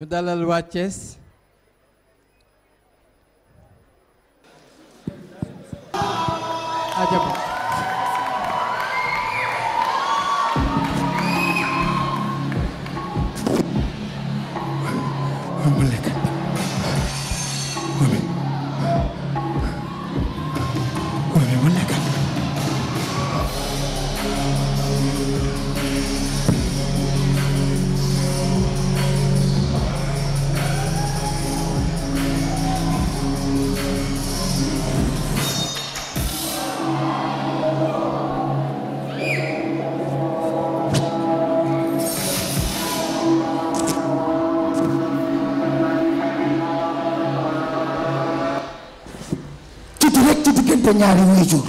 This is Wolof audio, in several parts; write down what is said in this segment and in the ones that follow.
ñu dalal waa Thiès sa ñaari waajur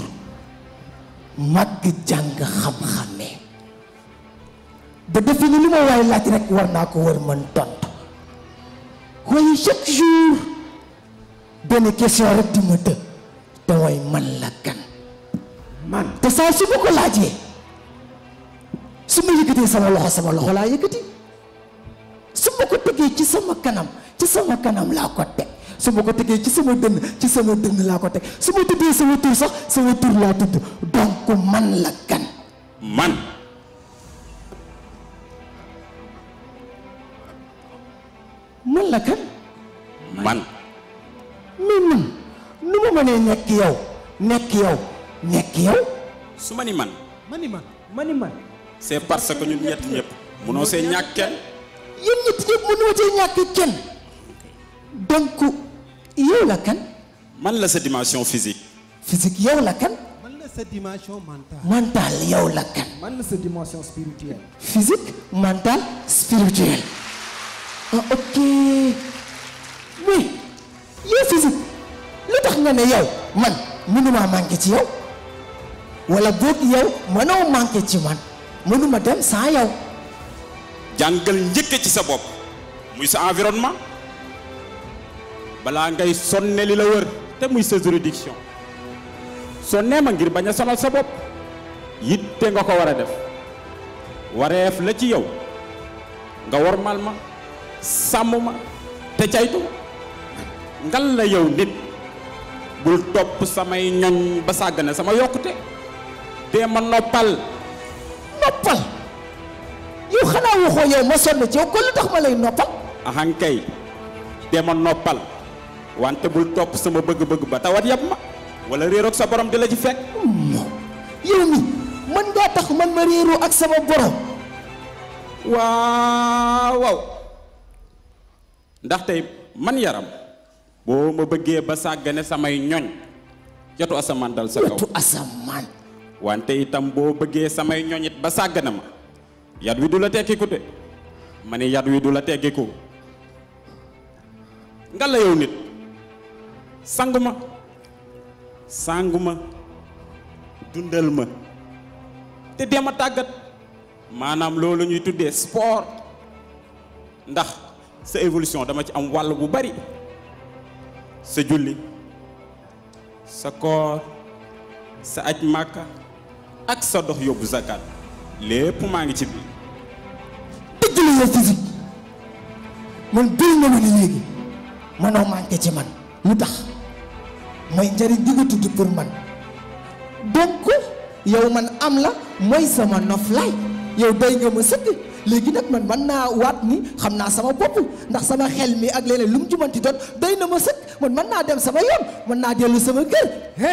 màgg jàng xam-xamee ba defe ni lu ma waay laaj rek war naa ko war mën tontu waaye chaque jour benn question rek di ma të te mooy man la kan man te saa su ma ko laajee su ma yëkkatee sama loxo sama loxo laa yëkkati su ma ko tegee ci sama kanam ci sama kanam laa ko teg su ma ko tegee ci sama dënn ci sama dënn laa ko teg su ma tuddee sama tur sax sama tur laa tudd donc man la kan man man la kan man mais man nu ma mënee nekk yow nekk yow nekk yow su ma ni man ma ni man ma ni man c'est parce que ñun ñett ñëpp munoo see ñàkk kenn yéen yow la kan. man la sa dimension physique. physique yow la kan. man la sa dimension mentale. mentale yow la man la sa dimension spirituelle. physique mentale spirituelle. ah ok mais yow physique lu tax nga ne yow man mënuma manqué ci yow wala boog yow mënoo manqué ci man mënuma dem sans yow. jàngal njëkk ci sa bopp muy sa environnement. balaa ngay sonne li la wër te muy sa juridiction sonnee ma ngir bañ a sonal sa bopp yitte nga ko war a def wareef la ci yow nga wormal ma sàmm ma te caytu ngal la yow nit bul topp samay ñoñ ba sàggane sama yokkute dee ma noppal noppal yow xanaa waxoo yow ma sonn ci yow ko lu tax ma lay noppal ahankay dee ma noppal wante bul topp sama bëgg-bëgg ba tawat yab ma wala réeroog sa borom di la ci fekk. yow mi mën ngaa tax man ma réeru ak sama borom. waaw waaw ndax tey man yaram boo ma bëggee ba sàggane samay ñoñ jotu asamaan dal sa kaw wante itam boo bëggee samay ñoñit ba sàggane ma yat wi du la tekkiku de ma ne yat wi du la tekkiku nga la nit. sang ma dundal ma te dem a tàggat maanaam loolu ñuy tuddee sport ndax sa évolution dama ci am wàll bu bari sa julli sa koor sa aj màkka ak sa dox yóbbu zakat lépp maa ngi ci biir dëgg la yow physique man bëri na lu ne léegi mënoo manqué ci man lu tax mooy njëriñ bi nga tudd pour man donc yow man am la mooy sama noflaay yow doy nga ma sëkk léegi nag man man naa waat ni xam naa sama bopp ndax sama xel mi ak leneen lu mu jumanti doon doy na ma sëkk man mën naa dem sama yoon mën naa dellu sama kër hé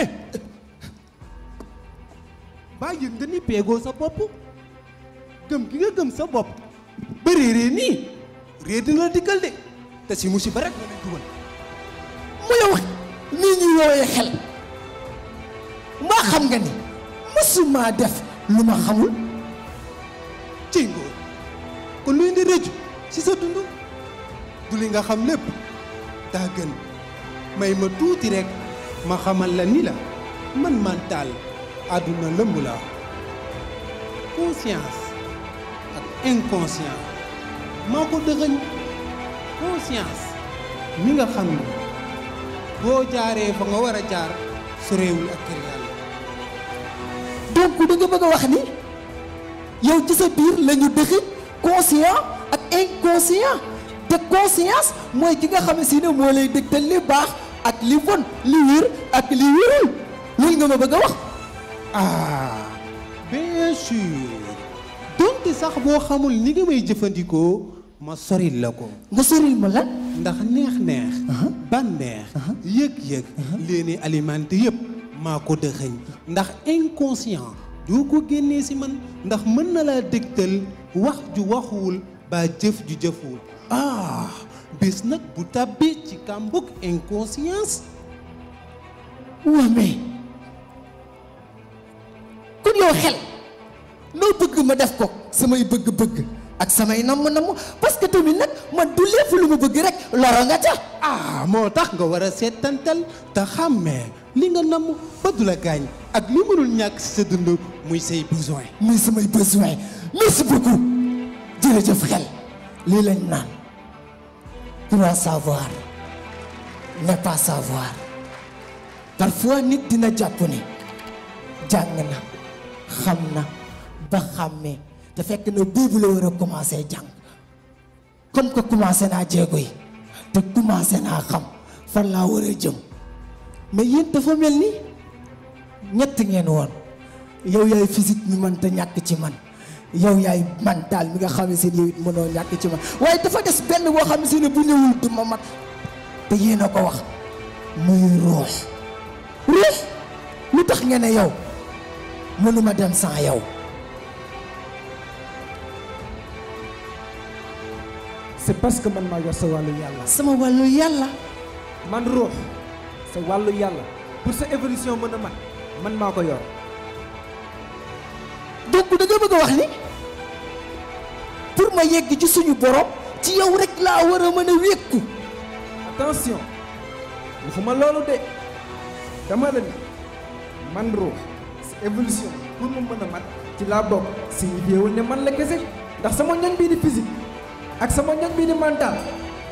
baa yëg nga ni peegoo sa bopp gëm gi nga gëm sa bopp ba réeree nii réer dina la dikkal de te si musiba rek nga lay dugal mu yow lii ñuy woowee xel mbaa xam nga ni mësumaa def lu ma xamul ci ngóor kon luy nga rëccu ci sa dund du li nga xam lépp daa gën may ma tuuti rekk ma xamal la ni la man mental àdduna lëmb la conscience ak inconscient maa ko dëxëñ conscience mi nga xam ni boo jaaree fa nga war a jaar soreewul ak kër yàlla. donc da nga bëgg a wax ni yow ci sa biir la ñu dëxi ak inconscient te conscience mooy ki nga xam si ne moo lay dëgtal li baax ak li bon li wér ak li wérul loolu nga ma bëgg a wax. ah bien sax boo xamul ni nga may jëfandikoo ma soril la ko. nga soril ma lan. ndax neex uh-huh. neex. ban neex. yëg-yëg léeni alimenté maa ko dëxëñ ndax inconscient doo ko génnee si man ndax mën na laa dégtal wax ju waxuwul ba jëf ju jëfuwul ah bés nag bu tàbbee ci kàmbug inconscience wame kon yow xel loo bëgg ma def ko samay bëgg-bëgg ak samay namm-namm parce que tamit nag man du lépp lu ma bëgg rek loro nga ca ah moo tax nga war a seetantal te xàmmee li nga namm ba du la gaañ ak li mënul ñàkk si sa dund muy say besoin muy samay besoin merci beaucoup jërëjëf xel lii lañ naan pour savoir savoir parfois nit dina jàpp ne jàng na xam na ba xàmmee te fekk na buubu la war a commencé jàng comme ko commencé naa jéego yi te commencé naa xam fan laa war a jëm mais yéen dafa mel ni ñett ngeen woon yow yaay physique mi mën te ñàkk ci man yow yaay mental mi nga xam ne seen yow it mënoo ñàkk ci man waaye dafa des benn boo xam ne bu ñëwul du ma mat te yéen a ko wax muy ruux ruux lu tax ngeen ne yow ma dem sans yow c'est parce que man maa yor sa wàllu yàlla. sama wàllu yàlla. man ruux sa wàllu yàlla pour sa évolution mën a mat man maa ko yor. donc da nga bëgg a wax ni pour ma yegg ci suñu borom ci yow rek laa war a mën a wékku. attention waxuma loolu de dama la ni man ruux sa évolution pour mu mën a mat ci laa bokk signifié wul ne man la kese ndax sama ñoñ bii di physique. ak sama ñoñ bi di mental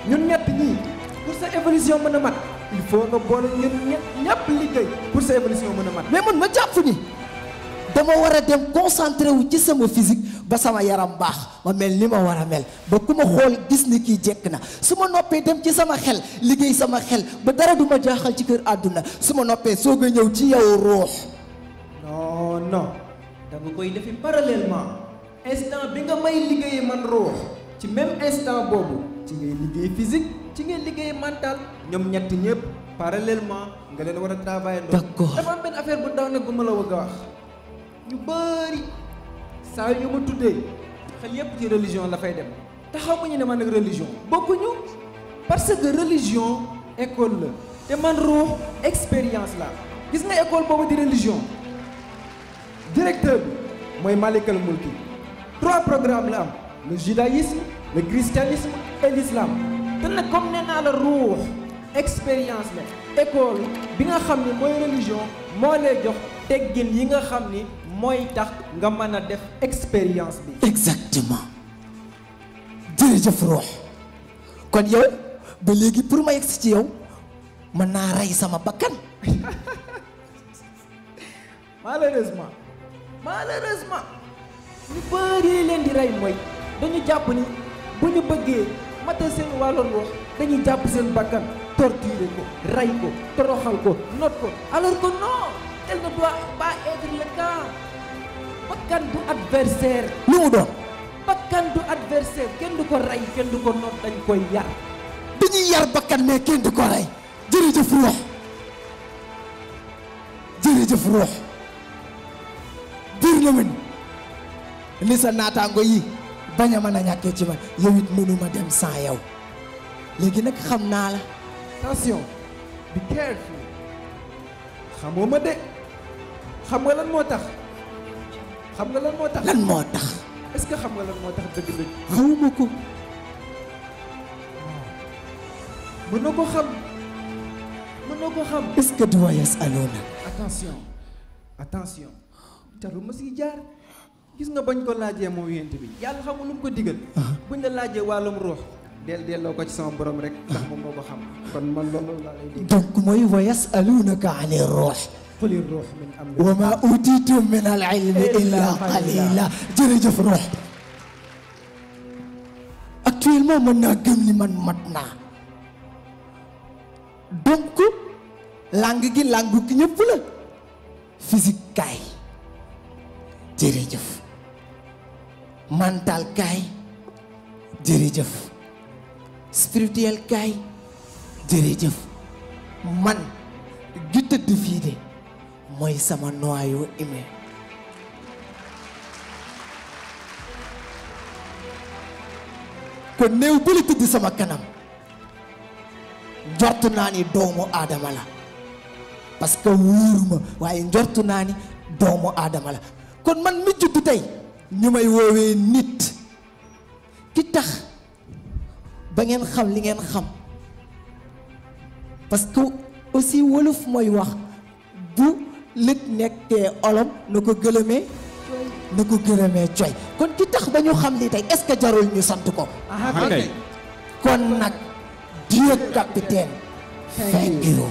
ñun ñett ñii pour sa évolution mën a mat il faut nga boole ñun ñëpp liggéey pour sa évolution mën a mat. mais man ma jàpp ni dama war a dem concentré wu ci sama physique ba sama yaram baax ma mel ni ma war a mel ba ku ma xool gis ni kii jekk na su ma noppee dem ci sama xel liggéey sama xel ba dara du ma jaaxal ci kër àdduna su ma noppee soog a ñëw ci yow ruux. non non dama koy defi parallèlement instant bi nga may liggéey man ruux. ci même instant boobu ci ngay liggéey physique ci ngay liggéey mantal ñoom ñett ñëpp parallèlement nga leen war a travailler ndox dafa am benn affaire bu ndaw nag bu ma la wëgg a wax ñu bëri saa yu ma tuddee xel yépp ci religion la fay dem te ñu ne man nag religion bokkuñu parce que religion école la te man ruux expérience la gis nga école boobu di religion directeur bi mooy Malikal Mulki trois programmes la am le judaïsme le christianisme et l'islam te nag comme nee naa la ruux expérience la école bi nga xam ni mooy religion moo lay jox teggin yi nga xam ni mooy tax nga mën a def expérience bi exactement jërëjëf ruux kon yow ba léegi pour ma si ci yow mën naa rey sama bakkan malheureusement malheureusement ñu leen di rey mooy dañu jàpp ni bu ñu bëggee matal seen wàlloon wax dañuy jàpp seen bakkan torturer ko rey ko toroxal ko not ko alors que non tel ne doit pas être le bakkan du adversaire lu mu doon bakkan du adversaire kenn du ko rey kenn du ko not dañ koy yar dañuy yar bakkan mais kenn du ko rey jërëjëf ruux jërëjëf ruux biir na ma ni sa naataango yi bañ a mën a ñàkkee ci man yow it mënuma dem sans yow léegi nag xam naa la attention be careful xamoo ma de xam nga lan moo tax xam nga lan moo tax lan moo tax est-ce que xam nga lan moo tax dëgg-dëgg xawuma ko mën na ko xam mën na ko xam est attention attention jarul si jaar gis nga bañ ko laajee moom yent bi yàlla xamul lu mu ko digal ah. buñ la laajee wàllum del delloo ko ci sama borom rek ndax moo ko xam kon mooy wa yasaluunaka ani ruux quli wa ma utitum min al ilmi illa qalila jërëjëf ruux actuellement mën naa gëm ni man mat naa donc langue gi langue gi ñëpp la physique kaay jërëjëf mental kaay jërëjëf spirituel kaay jërëjëf man gi tëdd fii de mooy sama noyau humain kon néew ba tëdd sama kanam njortu naa ni doomu aadama la parce que wóoruma waaye njortu naa ni doomu aadama la kon man mi juddu tey ñu may woowee nit ki tax ba ngeen xam li ngeen xam parce que aussi wolof mooy wax bu lëg nekkee olom na ko gëlëmee na ko gërëmee coy kon ki tax ba ñu xam lii tey est-ce que jarul ñu sant ko kon nag Dieu capitaine thank you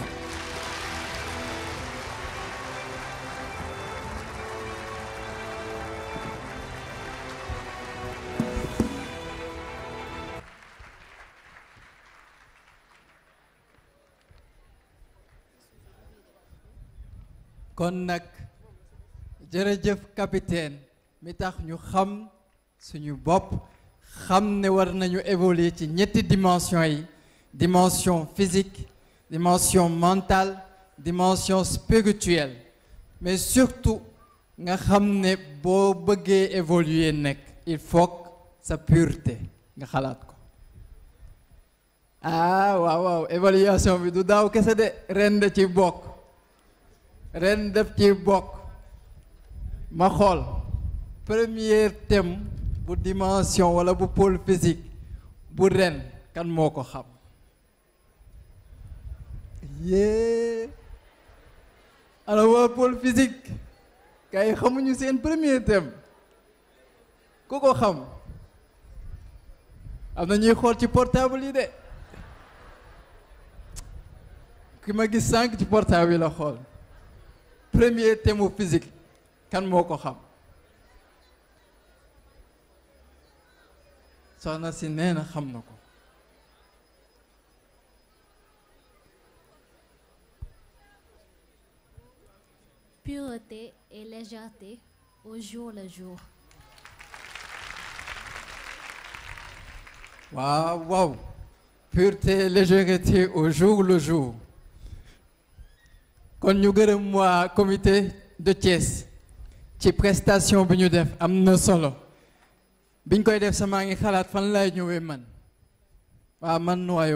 kon nag jërëjëf capitaine mi tax ñu xam suñu bopp xam ne war nañu évoluer ci ñetti dimension yi dimension physique dimension mentale dimension spirituelle mais surtout nga xam ne boo bëggee évoluer nekk il faut sa pureté nga xalaat ko ah waaw waaw évaluation bi du daaw kese de ren da ci bokk ren def ci bokk ma xool premier thème bu dimension wala bu pôle physique bu ren kan moo ko xam yée ana waa pôle physique kay xamuñu seen premier thème ku ko xam am na ñuy xool ci portable yi de ki ma gis sànq ci portable yi la xool premier thème physique kan moo ko xam si nee na xam na ko pureté et légèreté au jour le jour waaw waaw pureté et légèreté au jour le jour kon ñu gërëm waa comité de Thiès ci prestation bi ñu def am na solo biñ koy def samaa ngi xalaat fan laay ñëwee man waa man waaye